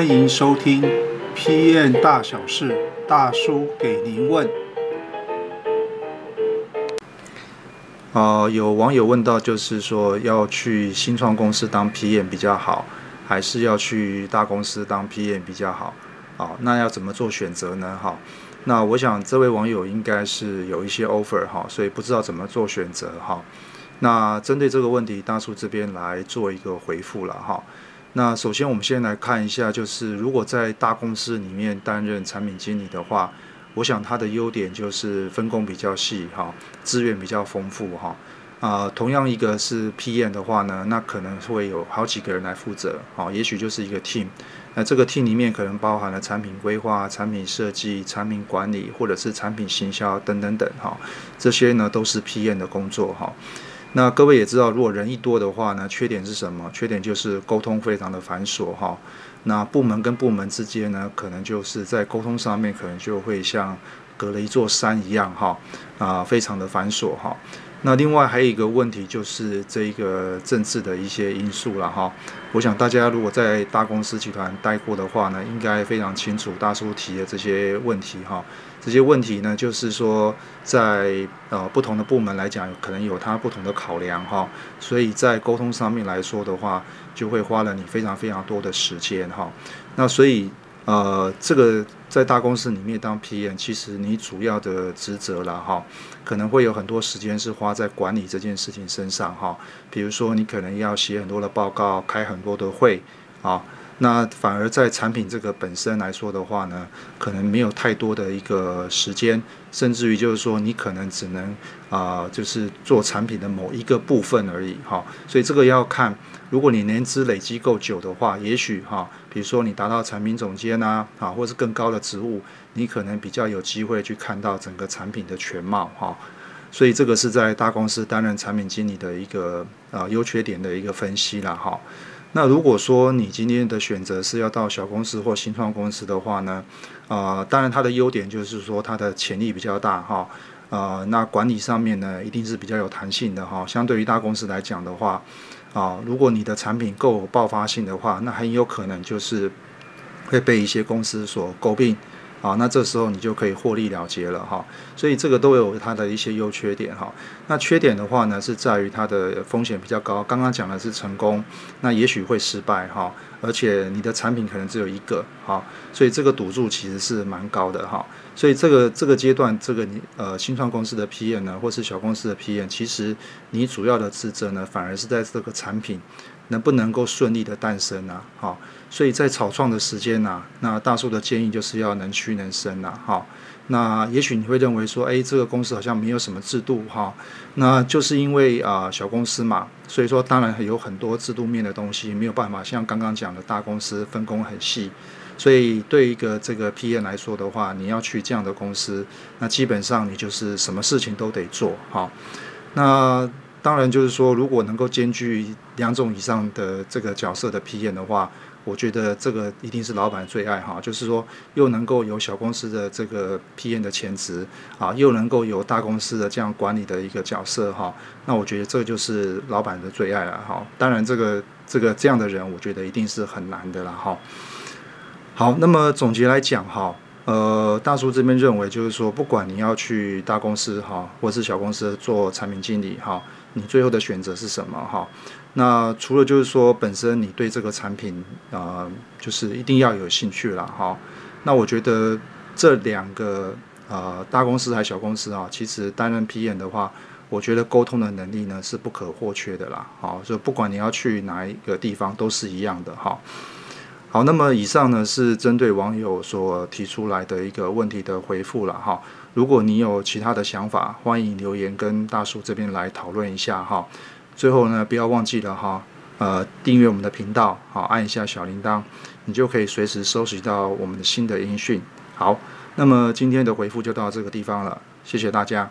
歡迎收聽 PM 大小事，大叔給您問。哦、呃，有網友問到，就是說要去新創公司當 PM 比較好，還是要去大公司當 PM 比較好、啊？那要怎麼做選擇呢？哈、啊，那我想這位網友應該是有一些 offer 哈、啊，所以不知道怎麼做選擇哈、啊。那針對這個問題，大叔這邊來做一個回復了哈。啊那首先，我們先來看一下，就是如果在大公司裡面擔任產品經理的話，我想他的優點就是分工比較細哈，資源比較豐富哈。啊、呃，同樣一個是 PM 的話呢，那可能會有好幾個人來負責，也許就是一個 team。那這個 team 裡面可能包含了產品規劃、產品設計、產品管理，或者是產品行銷等等等哈，這些呢都是 PM 的工作哈。那各位也知道，如果人一多的話呢，缺點是什麼？缺點就是溝通非常的繁瑣哈。那部門跟部門之間呢，可能就是在溝通上面，可能就會像隔了一座山一樣哈，啊，非常的繁瑣哈。那另外還有一個問題，就是這一個政治的一些因素了哈。我想大家如果在大公司集團待過的話呢，應該非常清楚大叔提的這些問題哈。這些問題呢，就是說在呃不同的部門來講，可能有它不同的考量哈。所以在溝通上面來說的話，就會花了你非常非常多的時間哈。那所以呃這個。在大公司裡面當 PM，其實你主要的職責了哈、哦，可能會有很多時間是花在管理這件事情身上哈、哦，比如說你可能要寫很多的報告，開很多的會，啊、哦。那反而在產品這個本身來說的話呢，可能沒有太多的一個時間，甚至於就是說你可能只能啊、呃，就是做產品的某一個部分而已哈、哦。所以這個要看，如果你年資累積夠久的話，也許哈、哦，比如說你達到產品總監吶、啊，啊、哦，或是更高的職務，你可能比較有機會去看到整個產品的全貌哈、哦。所以這個是在大公司擔任產品經理的一個啊，呃、優缺點的一個分析啦哈。哦那如果說你今天的選擇是要到小公司或新創公司的話呢，啊、呃，當然它的優點就是說它的潛力比較大哈，啊、哦呃，那管理上面呢一定是比較有彈性的哈、哦，相對於大公司來講的話，啊、哦，如果你的產品夠有爆發性的話，那很有可能就是會被一些公司所詬病。好，那這時候你就可以獲利了結了哈，所以這個都有它的一些優缺點哈。那缺點的話呢，是在於它的風險比較高。剛剛講的是成功，那也許會失敗哈。而且你的產品可能只有一個，哈，所以這個賭注其實是蠻高的哈，所以這個這個階段，這個你呃新創公司的 PM 呢，或是小公司的 PM，其實你主要的職責呢，反而是在這個產品能不能夠順利的誕生啊，哈，所以在草創的時間吶、啊，那大叔的建議就是要能屈能伸吶、啊，哈。那也許你會認為說，哎、欸，這個公司好像沒有什麼制度哈、哦，那就是因為啊、呃、小公司嘛，所以說當然有很多制度面的東西沒有辦法像剛剛講的大公司分工很細，所以對一個這個 PM 來說的話，你要去這樣的公司，那基本上你就是什麼事情都得做哈、哦，那。當然，就是說，如果能夠兼具兩種以上的這個角色的 PM 的話，我覺得這個一定是老闆最愛哈。就是說，又能夠有小公司的這個 PM 的潛質啊，又能夠有大公司的這樣管理的一個角色哈、啊。那我覺得這就是老闆的最愛了哈、啊。當然，這個這個這樣的人，我覺得一定是很難的了哈、啊。好，那麼總結來講哈、啊，呃，大叔這邊認為就是說，不管你要去大公司哈、啊，或是小公司做產品經理哈。啊你最後的選擇是什麼？哈，那除了就是說，本身你對這個產品，啊、呃，就是一定要有興趣啦。哈。那我覺得這兩個，呃，大公司還是小公司啊，其實擔任 PM 的話，我覺得溝通的能力呢是不可或缺的啦。好，所以不管你要去哪一個地方，都是一樣的哈。好，那麼以上呢是針對網友所提出來的一個問題的回覆了哈。如果你有其他的想法，歡迎留言跟大叔這邊來討論一下哈。最後呢，不要忘記了哈，呃，訂閱我們的頻道，好，按一下小鈴鐺，你就可以隨時收集到我們的新的音訊。好，那麼今天的回復就到這個地方了，謝謝大家。